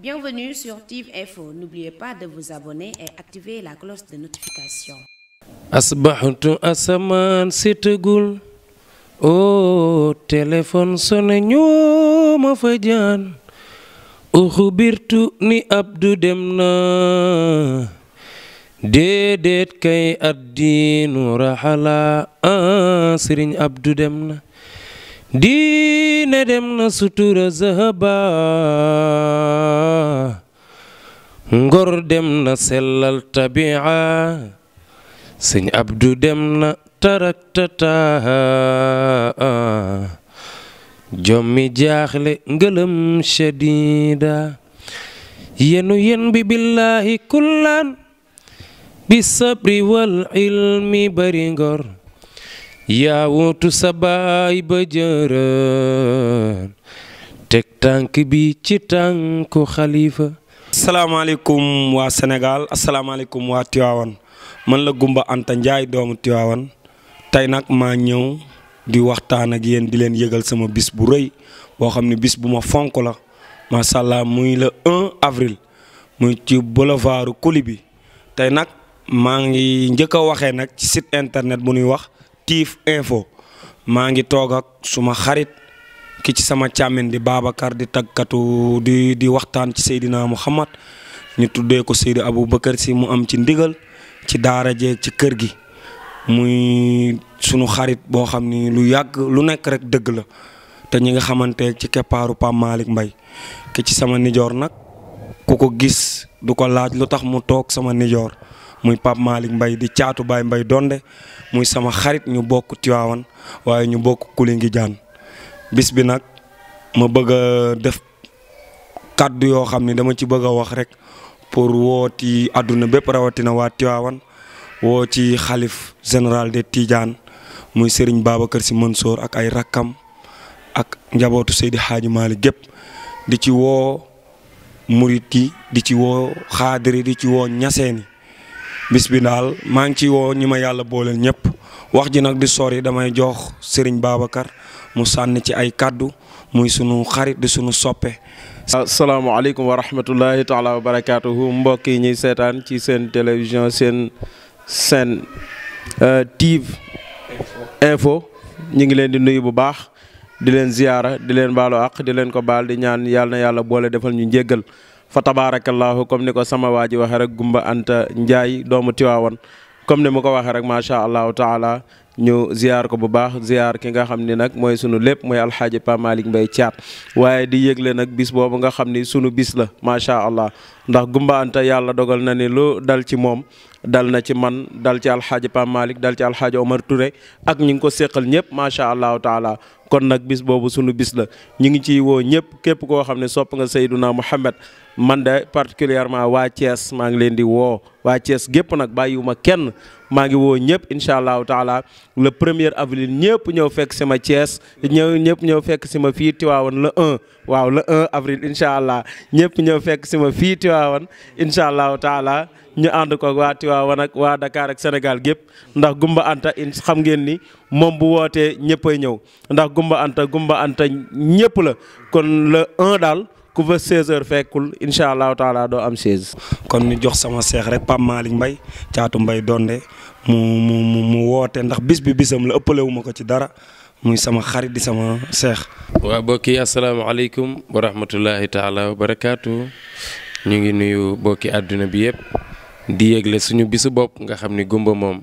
Bienvenue sur Tiv Info. N'oubliez pas de vous abonner et activer la cloche de notification. asbaxtu asamaan setagul oo oh, téléphone sone ñoo ma fa jaan uxubirtu ni abdu dem na déedéet kay addiinu raxala ah, sëriñ abdu dem na diine dem na sutura zahaba ngor dem na sellal tabi'a sëñ Abdou dem na taraktata jommi jaaxle ngëlëm shadida yenu yen bi billahi kullan bi sabri wal ilmi bari ngor yaa wootu sa baay ba jërër teg tànk bi ci tànku xalifa asalaamaaleykum waa Sénégal asalaamaaleykum waa Tiwaawan man la Gumba Anta Njaay doomu Tiwaawan tey nag maa ñëw di waxtaan ak yéen di leen yëgal sama bis bu rëy boo xam ne bis bu ma fonk la macha allah muy le 1 avril muy ci boulevard bi tey nag maa ngi njëkk a waxee nag ci site internet bu nuy wax Tif Info maa ngi toog ak suma xarit ki ci sama càmmin di Babacar di tagkatu di di waxtaan ci Seydina Muhammad ñu tuddee ko Seydou Aboubacar si mu am ci ndigal ci daara jeeg ci kër gi muy sunu xarit boo xam ni lu yàgg lu nekk rek dëgg la te ñi nga xamante ci keppaaru Pape Malick Mbaye ki ci sama nijoor nag ku ko gis du ko laaj lu tax mu toog sama nijoor muy Pape Malick Mbaye di caatu baay mbay Donde muy sama xarit ñu bokk Tiwaawan waaye ñu bokk Kulingi Jaan bis bi nag ma bëgg a def kàddu yoo xam ni dama ci bëgg a wax rek pour wooti àdduna bépp rawatina waa Tiwaawan woo ci xalif général de Tidiane muy Serigne Babacar Sy Mansour ak ay rakkam ak njabootu Seydi Hadji Malick gépp di ci woo murit yi di ci woo xaadir di ci woo ñaseeni bis daal maa ngi ci woo ñi ma yàlla booleel ñëpp wax ji nag di soor yi damay jox Serigne baabakar mu sànni ci ay kàddu muy sunu xarit di sunu soppe. asalaamaaleykum wa rahmatullahi taala wa barakaatuhu mbokk yi ñuy seetaan ci seen télévision seen seen euh, TV info ñu ngi leen di nuyu bu baax di leen ziyaara di leen baalo àq di leen ko baal di ñaan yàlla yàlla boole defal ñu njéggal. fa tabaarakallaahu comme ni ko sama waa ji waxee rek Gumba Anta Ndiaye doomu Tiwaawan comme ni mu ko waxee rek macha allahu taala ñu ziar ko bu baax ziar ki nga xam ni nag mooy sunu lépp mooy alxaaji Pa Malick Mbaye waaye di yëgle nag bis boobu nga xam ni sunu bis la macha allah ndax Gumba Anta yàlla dogal na ni lu dal ci moom dal na ci man dal ci alxaaji Pa Malick dal ci alxaaji Omar Touré ak ñu ngi ko séqal ñëpp macha allahu taala kon nag bis boobu sunu bis la ñu ngi ciy woo ñëpp képp koo xam ne sopp nga Seydouna Muhammad man de particulièrement waa Thiès maa ngi leen di woo waa Thiès gépp nag ma kenn maa ngi woo ñëpp incha allahu taala le premier avril ñëpp ñëw fekk si ma Thiès ñëw ñëpp ñëw fekk si ma fii Tiwaawan la 1 waaw la 1 avril incha allah ñëpp ñëw fekk si ma fii Tiwaawan incha allahu taala ñu ànd ko waa Tiwaawan ak waa Dakar ak Sénégal gépp ndax Gumba Anta in xam ngeen ni moom bu wootee ñëppay ñëw ndax Gumba Anta Gumba Anta ñëpp la kon la 1 daal ku fa 16h fekkul incha allahu taala doo am 16. kon ñu jox sama seex rek Pape mbay caatu mbay Donde mu mu woote ndax bis bi bisam la ëppalewu ma ko ci dara. muy sama xarit di sama seex. waa bokki asalaamaaleykum wa rahmatullahi taala wa ñu ngi nuyu bokki àdduna bi yëpp di yëgle suñu bisu bopp nga xam ni gumba moom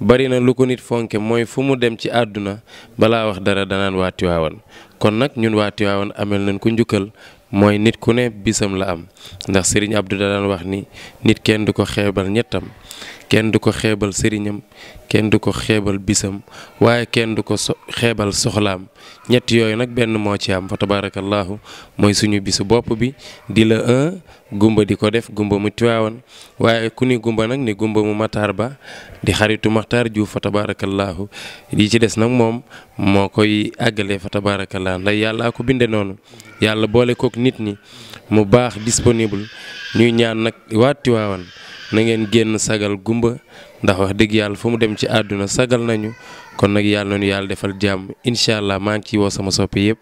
bari na lu ko nit fonke mooy fu mu dem ci àdduna balaa wax dara danaan waa Tiwaawan kon nag ñun waa Tiwaawan amel nañ ko njukkal mooy nit ku ne bisam la am ndax sëriñ Abdou da daan wax ni nit kenn du ko xeebal ñettam kenn du ko xeebal sëriñam kenn du ko xeebal bisam waaye kenn du ko so xeebal soxlaam ñett yooyu nag benn moo ci am fa tabaarakallaahu mooy suñu bisu bopp bi di la un gumba di ko def gumba mu Tiwaawan waaye ku ni gumba nag ni gumba mu Matar Ba di xaritu Matar Diouf fa tabaarakallaahu li ci des nag moom moo koy àggalee fa tabaarakallaahu nday yàlla ko binde noonu yàlla boole kook nit ñi mu baax disponible ñuy ñaan nag waa Tiwaawan na ngeen génn sagal gumba ndax wax dëgg yàlla fu mu dem ci àdduna sagal nañu kon nag yàlla na ñu yàlla defal jàmm incha allah maa ngi ciy woo sama soppi yëpp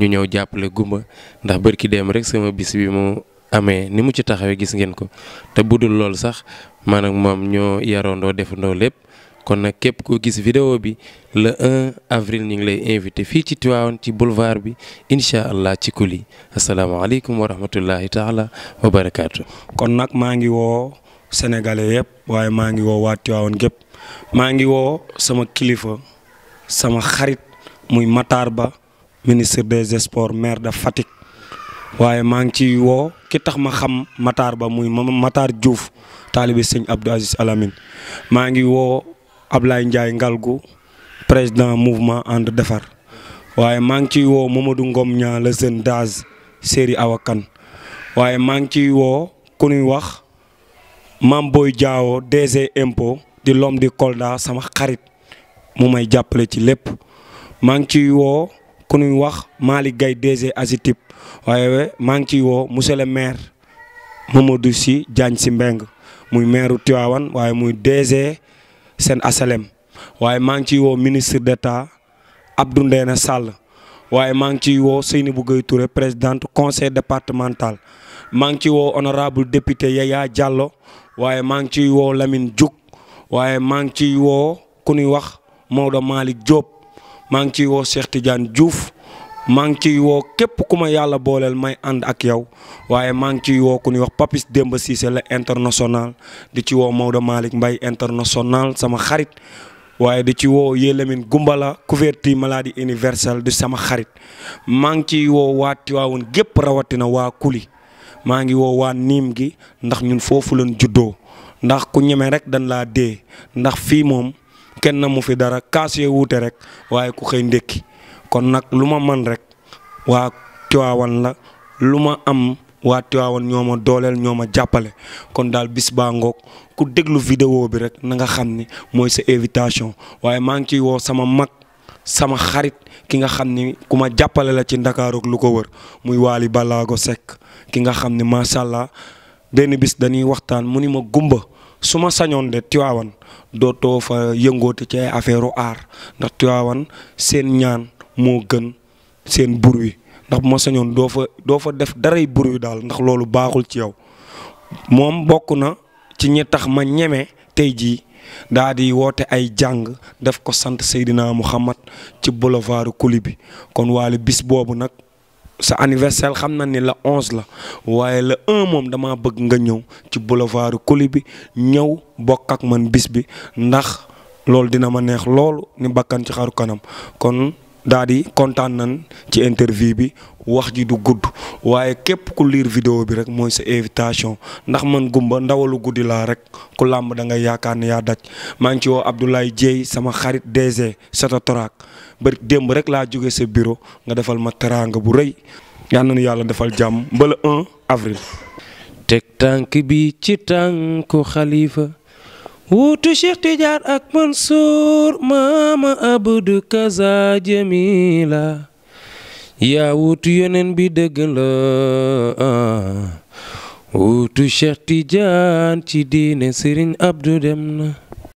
ñu ñëw jàppale gumba ndax bër ki dem rek sama bis bi mu amee ni mu ci taxawee gis ngeen ko te budul lool sax man ak moom ñoo yaroondoo defandoo lépp. kon nag képp koo gis vidéo bi la 1 avril ñu ngi lay invité fii ci Tivaouane ci boulevard bi incha allah ci kuli asalaamaaleykum wa rahmatullahi taala wa kon nag maa ngi woo sénégalais yëpp waaye maa ngi woo waa Tivaouane gépp maa ngi woo sama kilifa sama xarit muy Matar Ba ministre des sports maire de Fatick waaye maa ngi ci woo ki tax ma xam Matar Ba muy Matar Diouf taalibi sëñ Abdou Aziz Alamine maa ngi woo. ab Ablaye ngal Ngalgu président mouvement ànd defar waaye maa ngi ciy woo Mamadou ngoom ñaa la seen daaz série awakan waaye maa ngi ciy woo ku ñuy wax maam booy jaawoo DG impo di lom di koldaa sama xarit mu may jàppale ci lépp maa ngi ciy woo ku ñuy wax maali Gaye DG Azitip waaye maa ngi ciy woo monsieur le maire Mamadou Sy Diagne si Mbeng muy maireu Tivaouane waaye muy DG seen asalem waaye maa ngi ciy woo ministre d'État Abdou Ndéné Sall waaye maa ngi ciy woo seeni Gueye Touré présidente conseil départemental maa ngi ciy woo honorable député Yaya Diallo waaye maa ngi ciy woo lamin Diouk waaye maa ngi ciy woo ku ñuy wax Maodo Malick Diop maa ngi ciy woo Cheikh Tidiane Diouf maa ngi ciy woo képp ku ma yàlla booleel may ànd ak yow waaye maa ngi ciy woo ku ñuy wax Papis Demba Cissé la international di ci woo Maodo Malick Mbaye international sama xarit waaye di ci woo Yélamine Gumbala couverture malaadi universelle di sama xarit maa ngi ciy woo waa Tiwaawoon gépp rawatina waa Kuli maa ngi woo waa niim gi ndax ñun foofu lan juddoo ndax ku ñeme rek dañ laa dee ndax fii moom kenn na mu fi dara kaas wuute rek waaye ku xëy ndékki kon nag lu ma man rek waa Tiwaawan la lu ma am waa Tiwaawan ñoo ma dooleel ñoo ma jàppale kon daal bis baa ku déglu vidéo bi rek na nga xam ni mooy sa invitation waaye maa ngi ciy woo sama mag sama xarit ki nga xam ni ku ma jàppale la ci Ndakaaru lu ko wër muy waali Ballago Seck ki nga xam ni macha allah benn bis dañuy waxtaan mu ni ma gumba su ma sañoon de Tiwaawan dootoo fa yëngoote ci ay affaire u aar ndax Tiwaawan seen ñaan. moo gën seen bruit ndax bu ma sañoon doo fa doo fa def daray bruit daal ndax loolu baaxul ci yow moom bokk na ci ñi tax ma ñeme tey jii daa di woote ay jàng def ko sant Seydina Muhammad ci boulevard Kuli bi kon waale bis boobu nag sa anniversaire xam na ni la onze la waaye la un moom dama bëgg nga ñëw ci boulevard Kuli bi ñëw bokk ak man bis bi ndax loolu dina ma neex loolu ni bakkan ci xaru kanam kon daa di kontaan nan ci interview bi wax ji du gudd waaye képp ku liir vidéo bi rek mooy sa invitation ndax man gumba ndawalu guddi laa rek ku làmb da nga yaakaar ne yaa daj maa ngi ci woo Abdoulaye Dieye sama xarit DG Sata Torak ba démb rek laa jóge sa bureau nga defal ma teraanga bu rëy yal na yàlla defal jàmm ba le 1 avril. teg tànk bi ci tànku xalifa. wuutu Cheikh Tidiane ak Mansour maama Abdou Kaza Jamila yaa wuutu yoneen bi dëgg la wuutu Cheikh Tidiane ci diine Serigne Abdou dem na